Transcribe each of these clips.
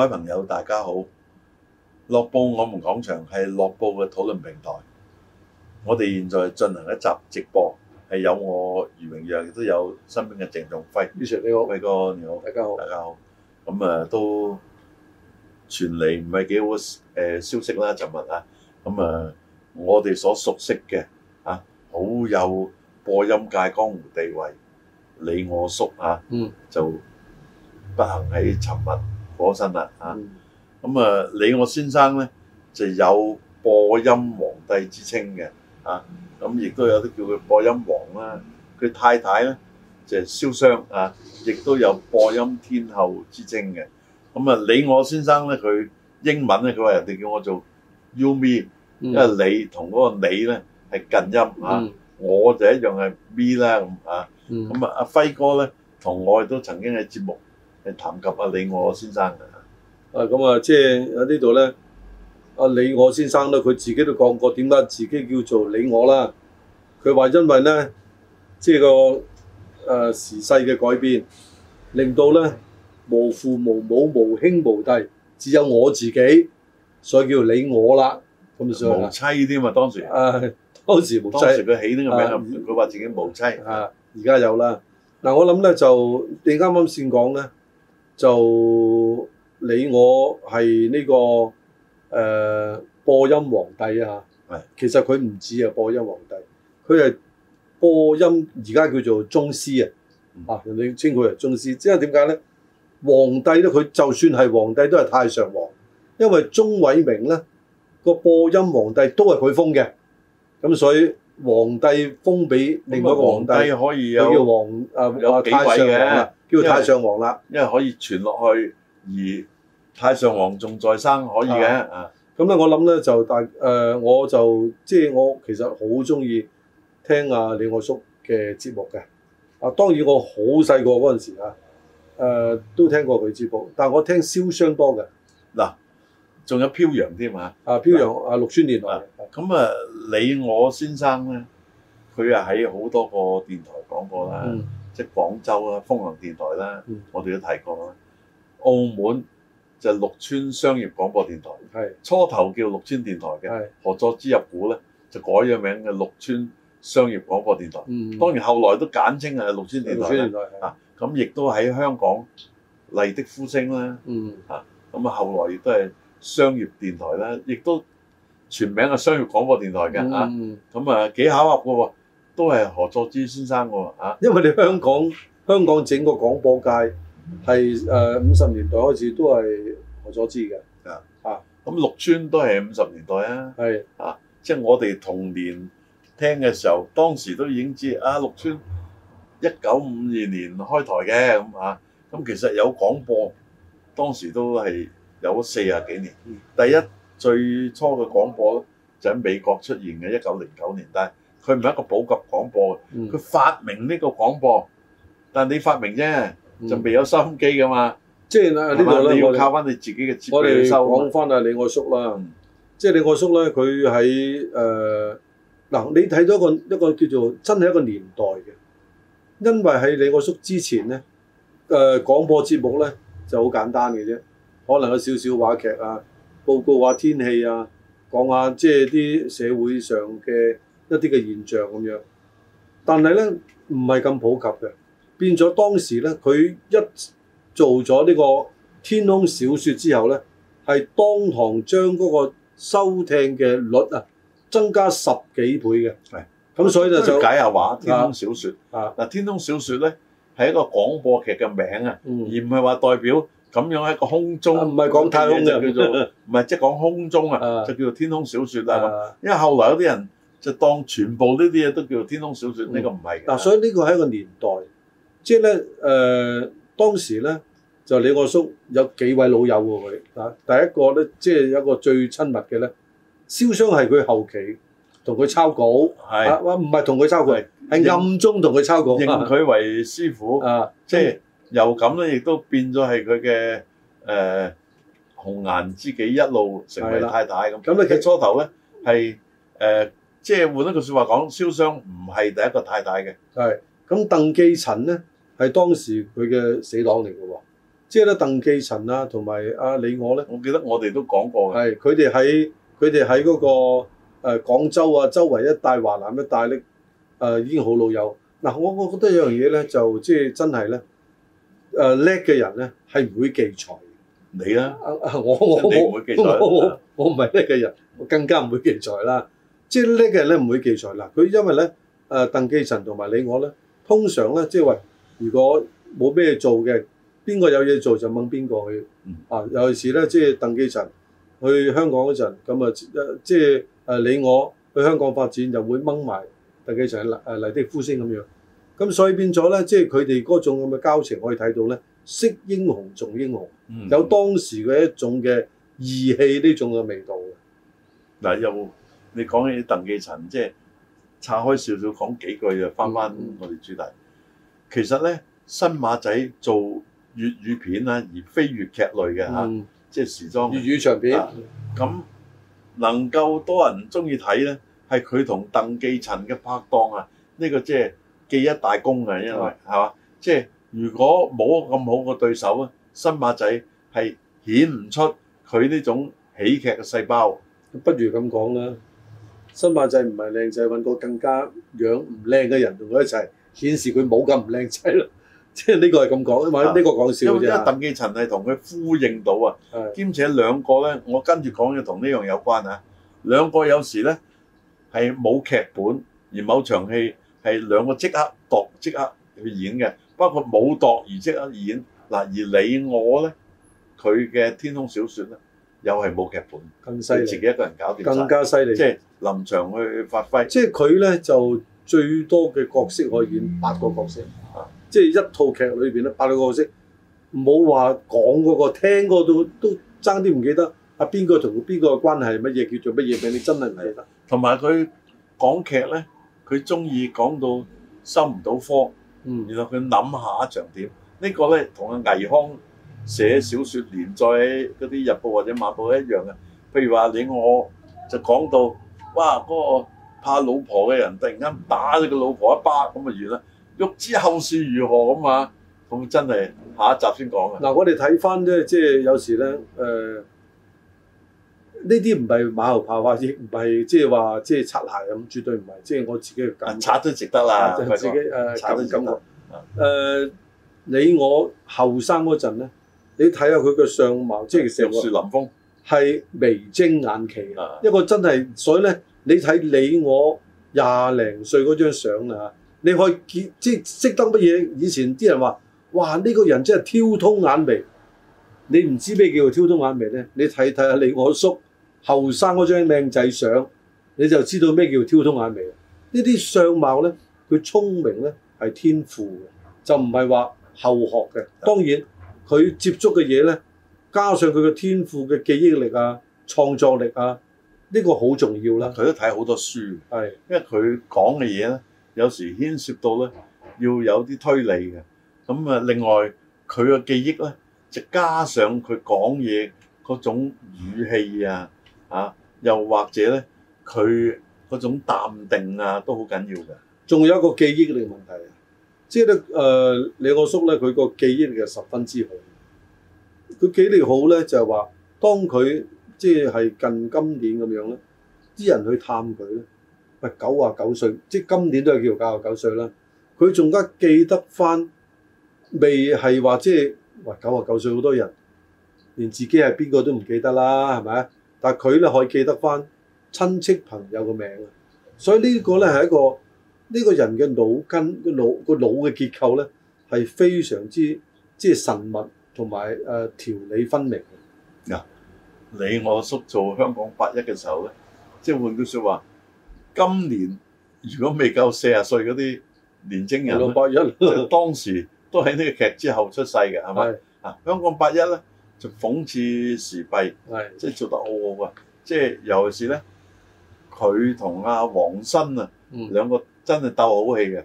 各位朋友，大家好！樂報我們講場係樂報嘅討論平台。我哋現在進行一集直播，係有我余榮陽，亦都有身邊嘅鄭仲輝。主席你好。輝哥你好。大家好，大家好。咁啊，都傳嚟唔係幾好誒消息啦，就問下咁啊，我哋所熟悉嘅啊，好有播音界江湖地位，你我叔啊，嗯，就不幸喺尋日。果身啦嚇，咁啊李我先生咧就有播音皇帝之稱嘅嚇，咁亦都有啲叫佢播音王啦。佢太太咧就係蕭湘啊，亦都有播音天後之稱嘅。咁啊李我先生咧佢英文咧佢話人哋叫我做 You Me，因為你同嗰個你咧係近音嚇，我就一樣係 Me 啦咁啊。咁啊阿輝哥咧同我亦都曾經喺節目。係談及阿李我先生嘅，啊咁啊，即係喺呢度咧，阿李我先生咧，佢自己都講過點解自己叫做李我啦？佢話因為咧，即係個誒時勢嘅改變，令到咧無父無母無兄無弟，只有我自己，所以叫李我啦。咁就，無妻啲嘛當時？誒當時無妻。當時佢起呢個名啊，佢話自己無妻。啊，而家有啦。嗱，我諗咧就你啱啱先講咧。就你我係呢個誒播音皇帝啊，其實佢唔止係播音皇帝，佢係的播音而家叫做宗師、嗯、啊，啊人哋稱佢係宗師，即係點解咧？皇帝咧佢就算係皇帝都係太上皇，因為鍾偉明咧個播音皇帝都係佢封嘅，咁所以。皇帝封俾另外一個皇帝，皇帝可以有，叫皇誒有幾位嘅，叫太上皇啦，因為可以傳落去而太上皇仲在生，可以嘅。咁咧、啊，啊、我諗咧就大誒、呃，我就即係我其實好鍾意聽阿、啊、李我叔嘅節目嘅。啊，當然我好細個嗰陣時啊，誒都聽過佢節目，但我聽蕭商多嘅嗱。仲有漂洋添嚇，啊，漂洋啊綠邨電台，咁啊李我先生咧，佢啊喺好多個電台講過啦，即係廣州啊，風行電台啦，我哋都提過啦。澳門就綠邨商業廣播電台，係初頭叫綠邨電台嘅，合作資入股咧就改咗名嘅綠邨商業廣播電台。當然後來都簡稱係綠邨電台啊，咁亦都喺香港麗的呼聲啦。嗯啊咁啊後來亦都係。商業電台咧，亦都全名係商業廣播電台嘅嚇，咁、嗯、啊幾巧合嘅喎，都係何佐芝先生嘅啊，因為你香港、啊、香港整個廣播界係誒五十年代開始都係何佐芝嘅啊，啊咁六村都係五十年代啊，係是啊，即係我哋童年聽嘅時候，當時都已經知啊六村一九五二年開台嘅咁啊，咁、啊、其實有廣播當時都係。有四十幾年，第一最初嘅廣播就喺美國出現嘅，一九零九年。但係佢唔係一個普及廣播，佢發明呢個廣播，但係你發明啫，就未有收音機噶嘛。嗯、即係呢度你要靠翻你自己嘅設備去收、嗯。我哋講翻啊，嗯、李我叔啦，即係李我叔咧，佢喺誒嗱，你睇到一個一個叫做真係一個年代嘅，因為喺李我叔之前咧，誒、呃、廣播節目咧就好簡單嘅啫。可能有少少話劇啊，報告下天氣啊，講下即係啲社會上嘅一啲嘅現象咁樣。但係咧唔係咁普及嘅，變咗當時咧佢一做咗呢個天空小説之後咧，係當堂將嗰個收聽嘅率啊增加十幾倍嘅。係嘅，咁所以就係、解下話天空小説啊，嗱、啊、天空小説咧係一個廣播劇嘅名啊，嗯、而唔係話代表。咁樣喺個空中唔係講太空嘅，叫做唔係即係講空中啊，就叫做天空小説啊。因為後來有啲人就當全部呢啲嘢都叫做天空小説，呢個唔係嗱。所以呢個係一個年代，即係咧誒，當時咧就李我叔有幾位老友喎佢啊，第一個咧即係有個最親密嘅咧，蕭湘係佢後期同佢抄稿，係話唔係同佢抄佢係暗中同佢抄稿，認佢為師傅啊，即係。又咁咧，亦都變咗係佢嘅誒紅顏知己，一路成為太太咁。咁咧，初頭咧係誒，即係換一句説話講，蕭湘唔係第一個太太嘅。係咁，鄧寄塵咧係當時佢嘅死黨嚟嘅喎。即係咧，鄧寄塵啊，同埋阿李我咧，我記得我哋都講過嘅。係佢哋喺佢哋喺嗰個誒、呃、廣州啊，周圍一帶華南一帶咧，誒、呃、已經好老友。嗱、啊，我我覺得有樣嘢咧，就即係真係咧。誒叻嘅人咧係唔會忌才嘅，你啊？啊！我我我我我我唔係叻嘅人，我更加唔會忌才啦。即係叻嘅人咧唔會忌才嗱，佢因為咧誒鄧寄塵同埋李我咧，通常咧即係話，如果冇咩做嘅，邊個有嘢做就掹邊個去啊。尤其是咧即係鄧寄塵去香港嗰陣，咁啊即係誒李我去香港發展就會掹埋鄧寄塵嚟麗的呼聲咁樣。咁所以變咗咧，即係佢哋嗰種咁嘅交情，可以睇到咧，識英雄重英雄，有當時嘅一種嘅義氣呢種嘅味道。嗱，又你講起鄧寄塵，即係岔開少少講幾句就翻翻我哋主題。其實咧，新馬仔做粵語片啦，而非粵劇類嘅嚇，嗯啊嗯、即係時裝粵語長片。咁、啊、能夠多人中意睇咧，係佢同鄧寄塵嘅拍檔啊，呢、呢個即係。記一大功嘅，因為係嘛？即係如果冇咁好嘅對手咧，新馬仔係顯唔出佢呢種喜劇嘅細胞。不如咁講啦，新馬仔唔係靚仔，揾個更加樣唔靚嘅人同佢一齊，顯示佢冇咁唔靚仔咯。即係呢個係咁講吖嘛，因為呢個講笑。因為鄧寄塵係同佢呼應到啊，兼且兩個咧，我跟住講嘅同呢樣有關啊。兩個有時咧係冇劇本，而某場戲。係兩個即刻度，即刻去演嘅，包括冇度而即刻演嗱、啊。而李我咧，佢嘅《天空小説》咧，又係冇劇本，更犀自己一個人搞掂，更加犀利，即係臨場去發揮。即係佢咧就最多嘅角色可以演、嗯、八個角色，啊、即係一套劇裏邊咧八個角色，冇話講嗰個聽嗰度都爭啲唔記得。阿邊個同邊個嘅關係？乜嘢叫做乜嘢畀？你真係唔記得。同埋佢講劇咧。佢中意講到收唔到科，然後佢諗下一場點？這個、呢個咧同阿倪匡寫小説連載嗰啲日報或者晚報一樣嘅。譬如話你我就講到，哇嗰、那個怕老婆嘅人突然間打咗個老婆一巴，咁咪完啦。欲知後事如何咁啊？咁真係下一集先講啊！嗱，我哋睇翻咧，即係有時咧，誒、呃。呢啲唔係馬後炮啊，亦唔係即係話即係擦鞋咁，絕對唔係。即、就、係、是、我自己去。擦、啊、都值得啦。自己誒，擦到感覺。誒、啊嗯啊，你我後生嗰陣咧，你睇下佢嘅相貌，即係成個林峰，係眉清眼奇啊！嗯、一個真係，所以咧，你睇你我廿零歲嗰張相啊，你可以結即係識得乜嘢？以前啲人話，哇，呢、這個人真係挑通眼眉。你唔知咩叫做挑通眼眉咧？你睇睇下你我叔，叔，叔。後生嗰張靚仔相，你就知道咩叫挑通眼眉。呢啲相貌呢，佢聰明呢係天賦嘅，就唔係話後學嘅。當然佢接觸嘅嘢呢，加上佢嘅天賦嘅記憶力啊、創作力啊，呢個好重要啦。佢都睇好多書，係嘅，因為佢講嘅嘢呢，有時牽涉到呢，要有啲推理嘅。咁啊，另外佢嘅記憶呢，就加上佢講嘢嗰種語氣啊。啊！又或者咧，佢嗰種淡定啊，都好緊要嘅。仲有一個記憶力問題啊，即係咧誒，李我叔咧，佢個記憶力係十分之好。佢記憶好咧，就係話當佢即係係近今年咁樣咧，啲人去探佢咧，喂，九啊九歲，即係今年都係叫做九啊九歲啦。佢仲加記得翻，未係話即係話九啊九歲，好多人連自己係邊個都唔記得啦，係咪啊？但佢咧可以記得翻親戚朋友嘅名啊，所以個呢個咧係一個呢、這個人嘅腦筋、腦個腦嘅結構咧係非常之即係神密同埋誒條理分明。嗱、啊，你我叔做香港八一嘅時候咧，即係換句說話，今年如果未夠四啊歲嗰啲年青人，八一當時都喺呢個劇之後出世嘅，係咪？嗱，香港八一咧。是就諷刺時弊，的即係做得好好啊！即係尤其是咧，佢同阿黃新啊、嗯、兩個真係鬥好戲嘅。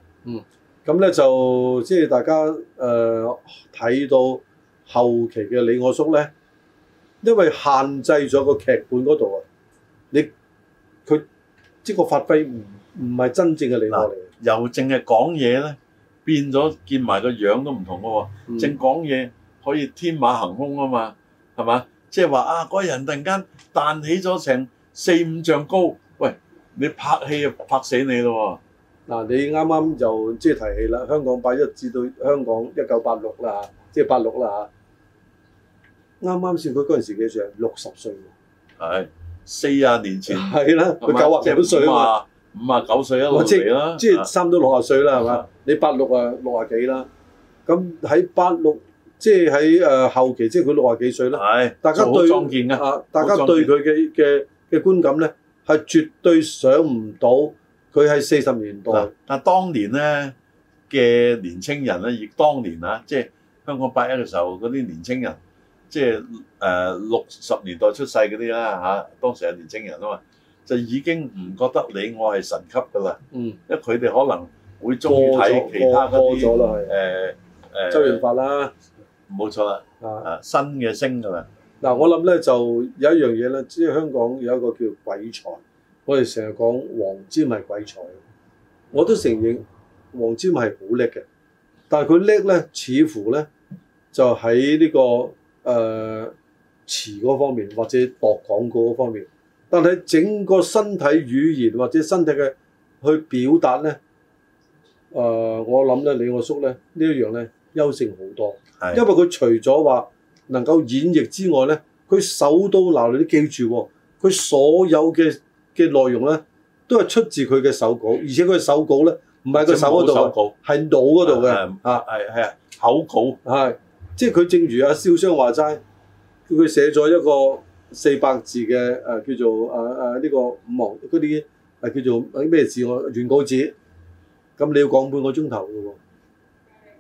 咁咧、嗯、就即係大家誒睇、呃、到後期嘅李我叔咧，因為限制咗個劇本嗰度啊，你佢即係個發揮唔唔係真正嘅李我嚟嘅。由淨係講嘢咧，變咗見埋個樣都唔同嘅喎、啊，淨講嘢。可以天馬行空啊嘛，係嘛？即係話啊，嗰個人突然間彈起咗成四五丈高，喂！你拍戲就拍死你咯喎、啊！嗱、啊，你啱啱就即係提起啦。香港八一至到香港一九八六啦，即係八六啦。啱啱笑佢嗰陣時幾歲？六十歲喎。係四啊年前。係啦，佢九啊幾歲啊嘛？五啊九歲一路嚟啦，即係差唔多六十歲啦，係嘛？你八六啊，六啊幾啦？咁喺八六。即係喺誒後期，即係佢六啊幾歲啦。係，大家對啊，大家對佢嘅嘅嘅觀感咧，係絕對想唔到佢係四十年代。但當年咧嘅年青人咧，而當年啊，即係香港八一嘅時候，嗰啲年青人，即係誒六十年代出世嗰啲啦嚇，當時係年青人啊嘛，就已經唔覺得你我係神級㗎啦。嗯，因為佢哋可能會鍾意睇其他嗰啲誒誒周潤發啦。冇錯啊！啊，新嘅星係咪？嗱，我諗咧就有一樣嘢咧，即係香港有一個叫鬼才，我哋成日講黃霑係鬼才。我都承認黃霑係好叻嘅，但係佢叻咧，似乎咧就喺呢、這個誒詞嗰方面，或者讀廣告嗰方面。但係整個身體語言或者身體嘅去表達咧，誒、呃，我諗咧李我叔咧呢一樣咧。優勝好多，的因為佢除咗話能夠演繹之外咧，佢手都留你記住喎、哦。佢所有嘅嘅內容咧，都係出自佢嘅手稿，而且佢嘅手稿咧唔係佢手嗰度，係腦嗰度嘅。啊，係係啊，口稿係，即係佢正如阿蕭湘話齋，叫佢寫咗一個四百字嘅誒叫做誒誒呢個五毛，嗰啲誒叫做咩字我原、啊、稿紙，咁你要講半個鐘頭嘅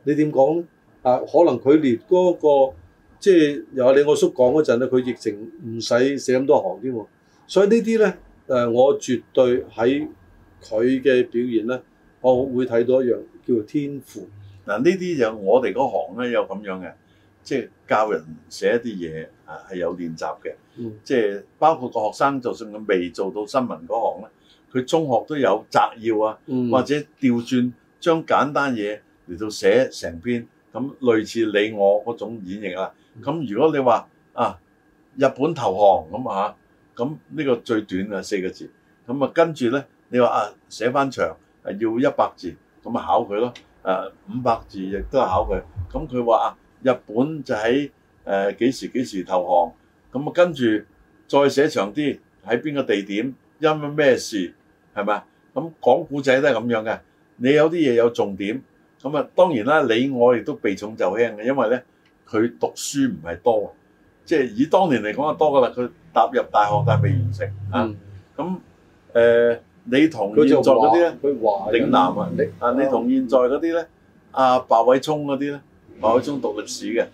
你點講啊，可能佢列嗰、那個即係有你我叔講嗰陣咧，佢疫情唔使寫咁多行添喎。所以呢啲咧，誒、呃，我絕對喺佢嘅表現咧，我會睇到一樣叫做天賦。嗱、啊，呢啲有我哋嗰行咧有咁樣嘅，即、就、係、是、教人寫一啲嘢啊，係有練習嘅。即係包括個學生，就算佢未做到新聞嗰行咧，佢中學都有摘要啊，嗯、或者調轉將簡單嘢。嚟到寫成篇咁類似你我嗰種演繹啦。咁如果你話啊日本投降咁啊嚇，咁呢個最短啊四個字。咁啊跟住咧，你話啊寫翻長係要一百字，咁啊考佢咯。誒，五百字亦都考佢。咁佢話啊日本就喺誒幾時幾時投降。咁啊跟住再寫長啲喺邊個地點，因為咩事係咪啊？咁講古仔都係咁樣嘅。你有啲嘢有重點。咁啊，當然啦，你我亦都避重就輕嘅，因為咧，佢讀書唔係多，即係以當年嚟講啊多噶啦。佢踏入大學但係未完成啊。咁誒，你同現在嗰啲咧，嶺南啊，你啊，你同現在嗰啲咧，阿白偉聰嗰啲咧，白偉聰讀歷史嘅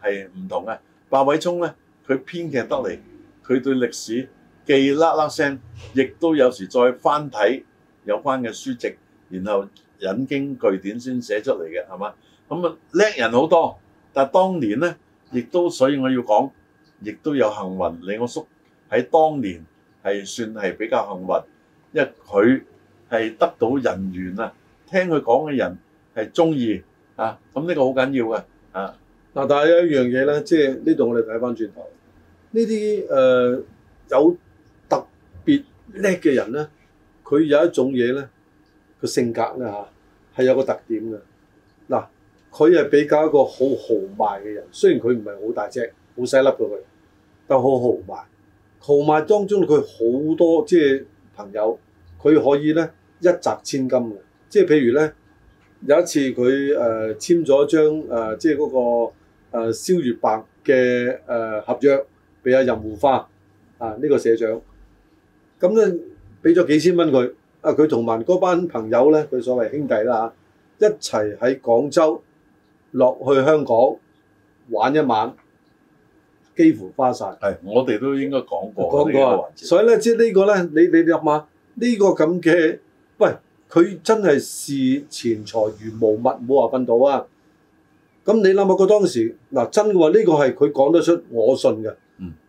係唔同嘅。白偉聰咧，佢編劇得嚟，佢對歷史記啦啦聲，亦都有時再翻睇有關嘅書籍，然後，引經據典先寫出嚟嘅，係嘛？咁啊叻人好多，但係當年咧，亦都所以我要講，亦都有幸運。李我叔喺當年係算係比較幸運，因為佢係得到人緣啊。聽佢講嘅人係中意啊，咁呢個好緊要嘅啊。嗱，但係有一樣嘢咧，即係呢度我哋睇翻轉頭，呢啲誒有特別叻嘅人咧，佢有一種嘢咧。個性格咧嚇，係有個特點嘅。嗱，佢係比較一個好豪邁嘅人，雖然佢唔係好大隻，好細粒嘅佢，但好豪邁。豪邁當中佢好多即係朋友，佢可以咧一擲千金嘅，即係譬如咧有一次佢誒簽咗張誒、呃、即係嗰、那個誒、呃、蕭月白嘅誒、呃、合約俾阿任護花啊呢、這個社長，咁咧俾咗幾千蚊佢。啊！佢同埋嗰班朋友咧，佢所謂兄弟啦嚇，一齊喺廣州落去香港玩一晚，幾乎花晒。係，我哋都應該講過，講過。所以咧，即係呢個咧，你你諗下呢個咁嘅，喂，佢真係視錢財如無物，唔好話瞓到啊！咁你諗下佢當時嗱、啊，真嘅話呢個係佢講得出，我信嘅。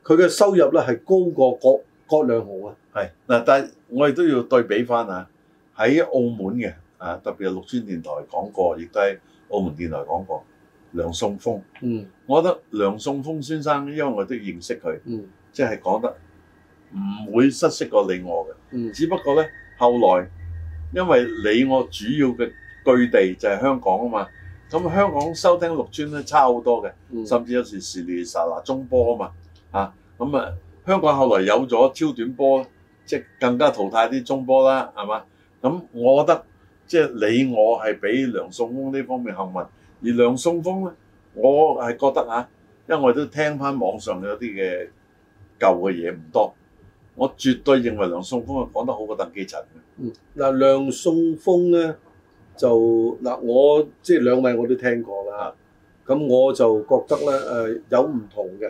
佢嘅、嗯、收入咧係高過國。個量好啊，係嗱，但係我哋都要對比翻啊。喺澳門嘅啊，特別係綠邨電台講過，亦都喺澳門電台講過。梁送峰，嗯，我覺得梁送峰先生，因為我都認識佢，嗯，即係講得唔會失色過你我嘅。嗯，只不過咧，後來因為你我主要嘅據地就係香港啊嘛，咁香港收聽綠邨咧差好多嘅，甚至有時時亂殺嗱中波啊嘛，啊咁啊。香港後來有咗超短波，即係更加淘汰啲中波啦，係嘛？咁我覺得即係你我係比梁送峰呢方面幸運，而梁送峰咧，我係覺得嚇、啊，因為我都聽翻網上有啲嘅舊嘅嘢唔多。我絕對認為梁送峰係講得好過鄧寄塵嘅。嗯，嗱，梁送峰咧就嗱，我即係兩位我都聽過啦，咁我就覺得咧誒、呃、有唔同嘅。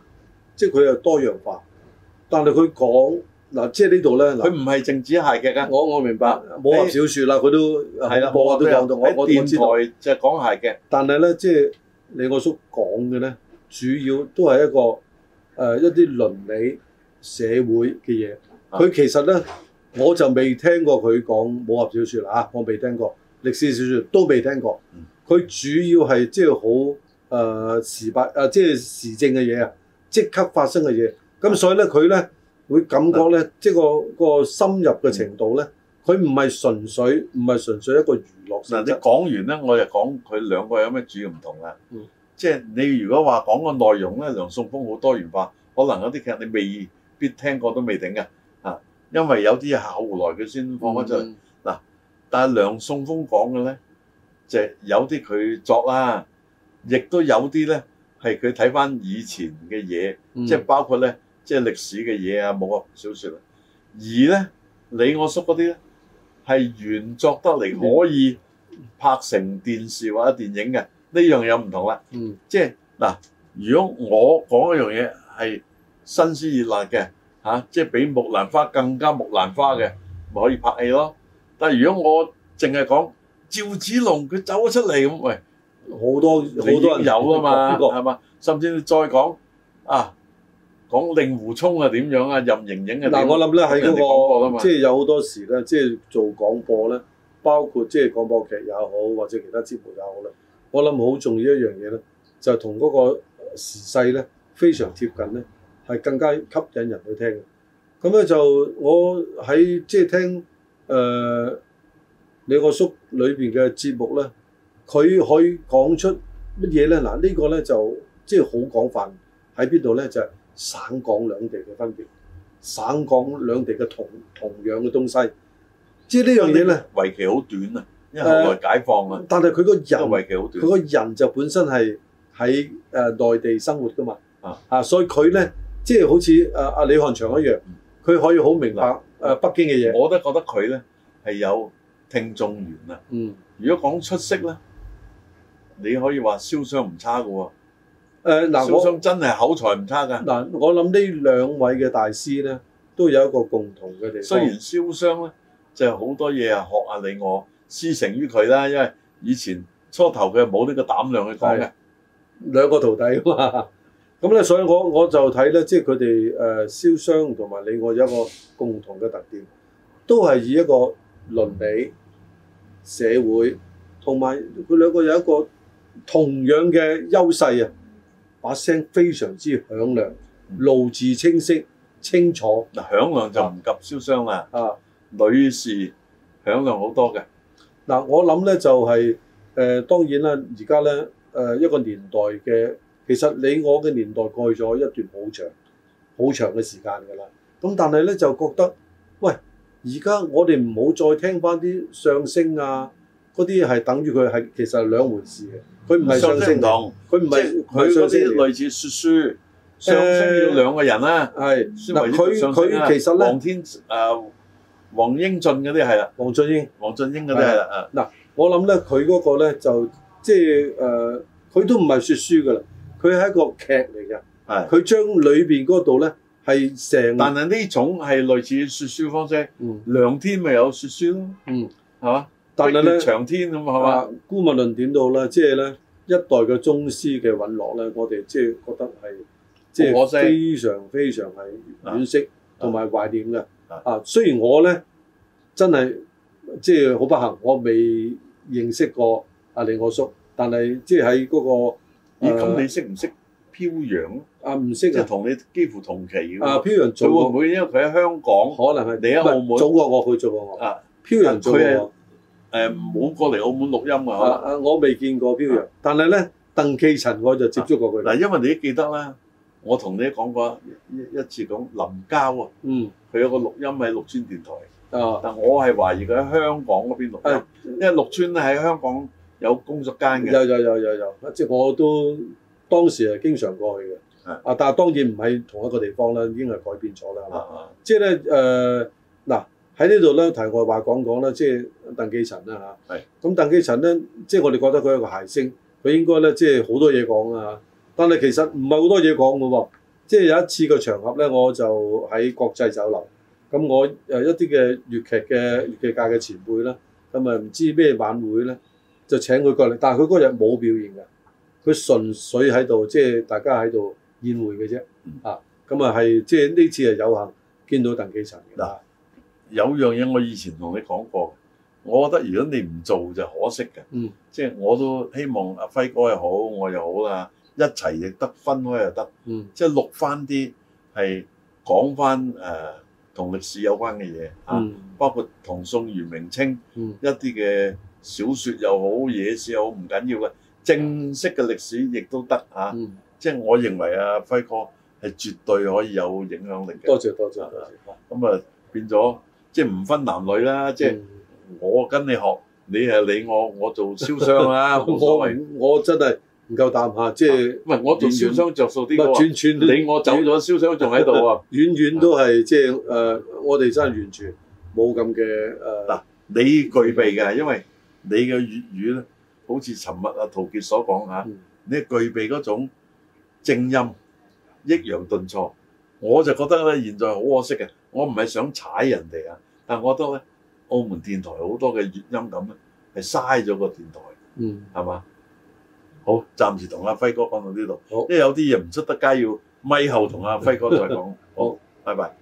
即係佢又多樣化，但係佢講嗱，即係呢度咧，佢唔係淨止鞋劇啊！我我明白，武俠小説啦，佢都係啦，冇話都有喺電台就講鞋劇。但係咧，即係你我叔講嘅咧，主要都係一個誒一啲倫理社會嘅嘢。佢其實咧，我就未聽過佢講武俠小説啦嚇，我未聽過歷史小説都未聽過。佢主要係即係好誒時弊誒，即係時政嘅嘢啊！即刻發生嘅嘢，咁所以咧佢咧會感覺咧，嗯、即係個個深入嘅程度咧，佢唔係純粹，唔係純粹一個娛樂性。嗱、嗯，你講完咧，我就講佢兩個有咩主要唔同啦。嗯、即係你如果話講個內容咧，梁宋峰好多元化，可能有啲劇你未必聽過都未定㗎嚇，因為有啲嘢後來佢先放翻嗱。嗯嗯、但係梁宋峰講嘅咧，就是、有啲佢作啦、啊，亦都有啲咧。係佢睇翻以前嘅嘢、嗯，即係包括咧，即係歷史嘅嘢啊，冇啊，小説啊。而咧，你我叔嗰啲咧係原作得嚟可以拍成電視或者電影嘅，呢樣又唔同啦。嗯、即係嗱，如果我講一樣嘢係新鮮熱辣嘅嚇、啊，即係比木蘭花更加木蘭花嘅，咪、嗯、可以拍戲咯。但係如果我淨係講趙子龍佢走咗出嚟咁，喂～好多好多人有啊嘛，呢個係嘛？甚至你再講啊，講令狐沖係點樣啊？任盈盈係但嗱，我諗咧喺嗰個，即係有好多時咧，即係做廣播咧，包括即係廣播劇也好，或者其他節目也好啦。我諗好重要一樣嘢咧，就同嗰個時勢咧非常貼近咧，係更加吸引人去聽嘅。咁咧就我喺即係聽誒、呃、李我叔裏邊嘅節目咧。佢可以講出乜嘢咧？嗱、啊，呢、這個咧就即係好廣泛喺邊度咧？就係、是、省港兩地嘅分別，省港兩地嘅同同樣嘅東西，即係呢樣嘢咧，為期好短啊，因為後來解放啊，但係佢個人佢個人就本身係喺誒內地生活㗎嘛，啊，啊，所以佢咧、嗯、即係好似阿阿李翰祥一樣，佢、嗯、可以好明白誒北京嘅嘢、啊，我都覺得佢咧係有聽眾緣啊。嗯，如果講出色咧？嗯你可以話蕭商唔差噶喎、哦，誒嗱、呃，蕭商真係口才唔差噶。嗱，我諗呢兩位嘅大師咧，都有一個共同嘅地方。雖然蕭商咧，就係、是、好多嘢啊，學阿李我師承於佢啦，因為以前初頭佢冇呢個膽量去講嘅，兩個徒弟啊嘛。咁 咧、嗯，所以我我就睇咧，即係佢哋誒蕭商同埋李我有一個共同嘅特點，都係以一個倫理社會，同埋佢兩個有一個。同樣嘅優勢啊，把聲非常之響亮，路字清晰清楚。嗱、嗯，響亮就唔及蕭商啊。啊，女士響亮好多嘅。嗱、就是，我諗呢就係誒，當然啦，而家呢誒、呃、一個年代嘅，其實你我嘅年代過去咗一段好長好長嘅時間㗎啦。咁、嗯、但係呢，就覺得，喂，而家我哋唔好再聽翻啲相聲啊！嗰啲係等於佢係其實係兩回事嘅，佢唔係相聲唔佢唔係佢嗰啲類似説書，相聲要兩個人啦，係。佢佢其實咧，黃天誒黃英俊嗰啲係啦，黃俊英、黃俊英嗰啲係啦。嗱，我諗咧，佢嗰個咧就即係誒，佢都唔係説書噶啦，佢係一個劇嚟嘅。係，佢將裏邊嗰度咧係成，但係呢種係類似説書嘅方式。嗯，梁天咪有説書咯。嗯，係嘛？但係咧，長天咁係嘛？姑勿論點到咧，即係咧一代嘅宗師嘅隕落咧，我哋即係覺得係即係非常非常係惋惜同埋懷念嘅。啊，啊，啊，雖然我咧真係即係好不幸，我未認識過阿、啊、李我叔，但係即係喺嗰個咦？咁你識唔識飄揚啊？啊，唔識即係同你幾乎同期嘅。啊，飄揚做過我，因為佢喺香港，可能係你喺澳門早過，我去做過。啊，飄揚做誒唔好過嚟澳門錄音啊，嚇！我未見過飄揚，啊、但係咧鄧寄塵我就接觸過佢。嗱、啊啊，因為你都記得啦，我同你講過一次講林交啊，嗯，佢有個錄音喺陸川電台，啊，但我係懷疑佢喺香港嗰邊錄音，啊、因為陸川咧喺香港有工作間嘅、啊，有有有有有，即係我都當時係經常過去嘅，啊，但係當然唔係同一個地方啦，已經係改變咗啦，即係咧誒。啊就是喺呢度咧，題外話講講啦，即係鄧寄塵啦嚇。係咁是，鄧寄塵咧，即係我哋覺得佢係一個諧星，佢應該咧，即係好多嘢講啊。但係其實唔係好多嘢講嘅喎。即係有一次嘅場合咧，我就喺國際酒樓咁，我誒一啲嘅粵劇嘅是粵劇界嘅前輩啦，咁啊唔知咩晚會咧，就請佢過嚟，但係佢嗰日冇表現嘅，佢純粹喺度，即係大家喺度宴會嘅啫。嗯、啊，咁啊係，即係呢次係有幸見到鄧寄塵嘅。啊有樣嘢我以前同你講過，我覺得如果你唔做就可惜嘅，嗯、即係我都希望阿輝哥又好，我又好啦，一齊亦得，分開又得，嗯、即係錄翻啲係講翻誒同歷史有關嘅嘢嚇，包括唐宋元明清、嗯、一啲嘅小説又好，野史又好，唔緊要嘅，正式嘅歷史亦都得嚇，啊嗯、即係我認為阿輝哥係絕對可以有影響力嘅。多謝多謝多謝，咁啊變咗。即係唔分男女啦，即係我跟你學，你係你我，我做燒傷啦，冇所謂。我真係唔夠膽嚇，即係唔係我做燒傷著數啲喎。串串你我走咗，燒傷仲喺度啊！遠遠都係即係誒，我哋真係完全冇咁嘅誒。嗱，你具備嘅，因為你嘅粵語咧，好似尋日阿陶傑所講嚇，你具備嗰種正音抑揚頓挫，我就覺得咧，現在好可惜嘅。我唔係想踩人哋啊，但係我覺得咧，澳門電台好多嘅粵音咁咧，係嘥咗個電台，嗯，係嘛吧？好，暫時同阿輝哥講到呢度，好，因為有啲嘢唔出得街，要咪後同阿輝哥再講，嗯、好， 拜拜。